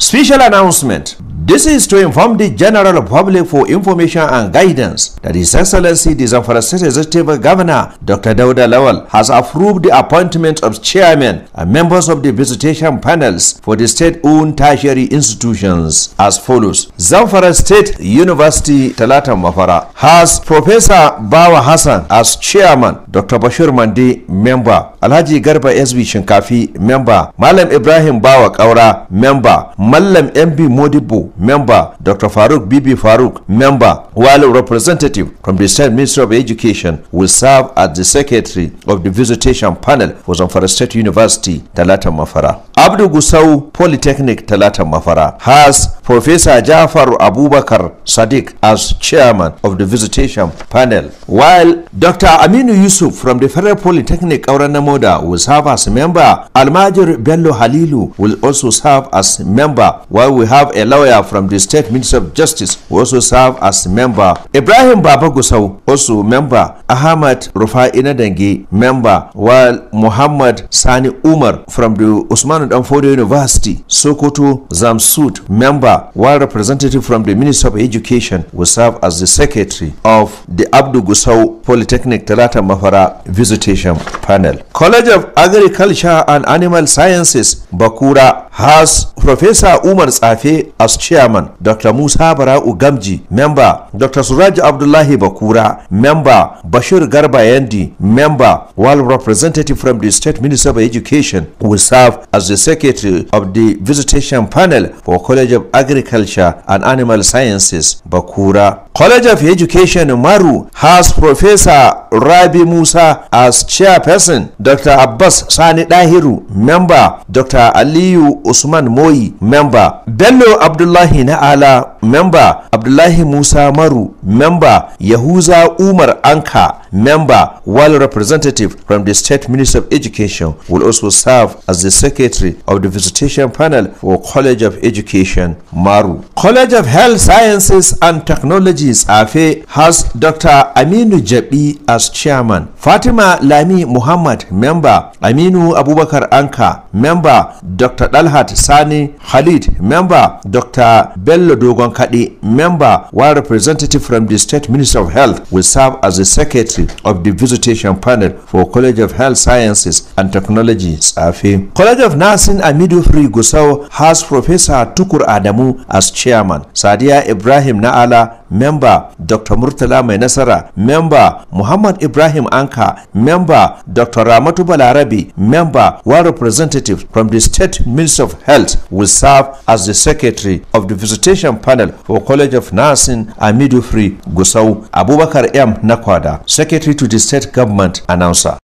Special announcement This is to inform the general public for information and guidance that His Excellency the Zamfara State Executive Governor Dr. Dauda Lawal has approved the appointment of chairmen and members of the visitation panels for the state-owned tertiary institutions as follows. Zamfara State University Talata Mafara has Professor Bawa Hassan as chairman, Dr. Bashir Mande member, Alhaji Garba SB Shinkafi member, Malam Ibrahim Bawa Kaura member, Malam MB Modibo member Dr. Farouk Bibi Farouk, member while a representative from the State Ministry of Education will serve as the secretary of the visitation panel for Zamfara State University, Talata Mafara. Abdu Gusau Polytechnic Talata Mafara has Professor Jafar Abubakar Sadiq as chairman of the visitation panel, while Dr. Aminu Yusuf from the Federal Polytechnic Auranamoda will serve as member. Almajir Bello Halilu will also serve as member, while we have a lawyer from the State Ministry of Justice who also serve as member. Ibrahim Baba Gusau, also member. Ahmad Rufai Inadangi, member. While Muhammad Sani Umar from the Usman Danfodio University, Sokoto Zamsud, member. While representative from the Ministry of Education will serve as the secretary of the Abdu Gusau Polytechnic Talata Mafara Visitation Panel. College of Agriculture and Animal Sciences, Bakura, has Professor Umar Tsafe as chairman dr musa bara'u gamji memba dr suraj abdullahi bakura memba bashir garba yandi memba while representative from the state minister of education will serve as the secretary of the visitation panel for college of agriculture and animal sciences bakura college of education maru has professor rabi musa as chairperson dr abbas sani dahiru member dr aliyu usman moyi member bello abdullahi abdullahi na'ala memba abdullahi musa maru memba yahuza umar anka member while representative from the State minister of Education will also serve as the secretary of the visitation panel for College of Education, Maru. College of Health Sciences and Technologies, AFE, has Dr. Aminu Jabi as chairman, Fatima Lami Muhammad, member, Aminu Abubakar Anka, member, Dr. Dalhat Sani Khalid, member, Dr. Bello Dogon Kadi, member, while representative from the State minister of Health will serve as the secretary Secretary of the Visitation Panel for College of Health Sciences and Technology, Tsafe. College of Nursing and Gusau has Professor Tukur Adamu as chairman. Sadia Ibrahim Na'ala memba dr murtala mai nasara memba muhammad ibrahim anka memba dr ramatu balarabi memba one representative from the state ministry of health will serve as the secretary of the visitation panel for college of nursing and midwifery gusau abubakar m nakwada secretary to the state government announcer